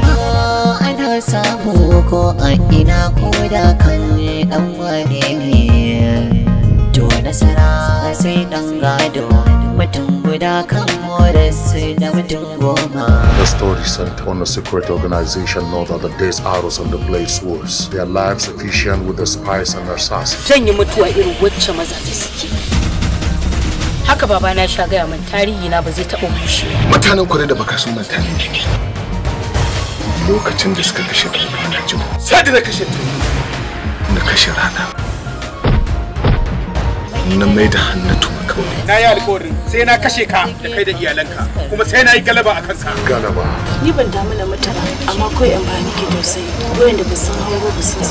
ba ana samu ko a ina ko da kan dan wane ne to nasara sai dan gado mutum guda kan morarsu da mutum goma The story center on a secret organization know that the day's arrows on the blade swords their lives efficient with the spies and assassins Zan yi mutuwa irin wacce maza mazaje suke haka babana sha gaya min tarihi na ba zai taɓa bushe mutanen kwarai da baka sun manta lokacin da suka kashe ɗalibai na jibo sai da na kashe ta na kashe rana na mai da hannatu kawai na yi alkawarin sai na kashe ka da kai da iyalanka kuma sai na yi galaba a kansa galaba ni ban damu da mutala amma kawai yan baya nake tausayi sai da ba san hango ba sun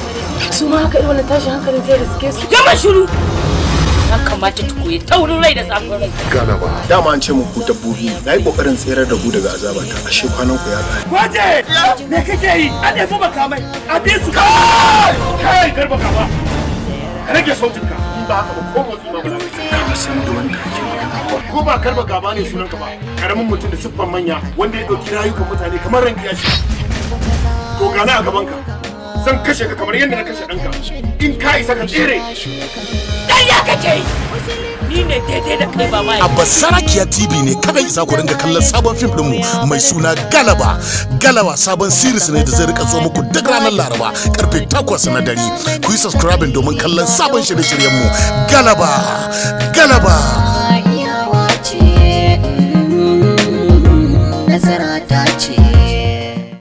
su ma haka irin tashin hankalin zai riske su yamma shiru kamata tuku ya taurin rai da zafin rai. Gana ba. Dama an ce muku dabbobi na yi ƙoƙarin tserar da ku daga azaba ta ashe kwanan ku ya ƙare. Gwaje! Me kake yi? A ɗefu makamai. A bi su. Kai! Kai garba kama. Rage sautinka. In ba haka ba ko motsi ba ba. Ka san da wanda kake magana. Ko ba karba gaba ne sunanka ba. Karamin mutum da siffan manya wanda ya ɗauki rayukan mutane kamar ranki ya To gana a gabanka. Zan kashe ka kamar yadda na kashe ɗanka. In ka isa ka tsere. ya kake yi! ni ne daidai da kai a basarakiya tv ne kadai za ku ringa kallon sabon fim ɗinmu mai suna galaba galaba sabon series ne da zai rika zo muku duk ranar laraba karfe 8 na dare ku yi subscribe domin kallon sabon shirye mu galaba galaba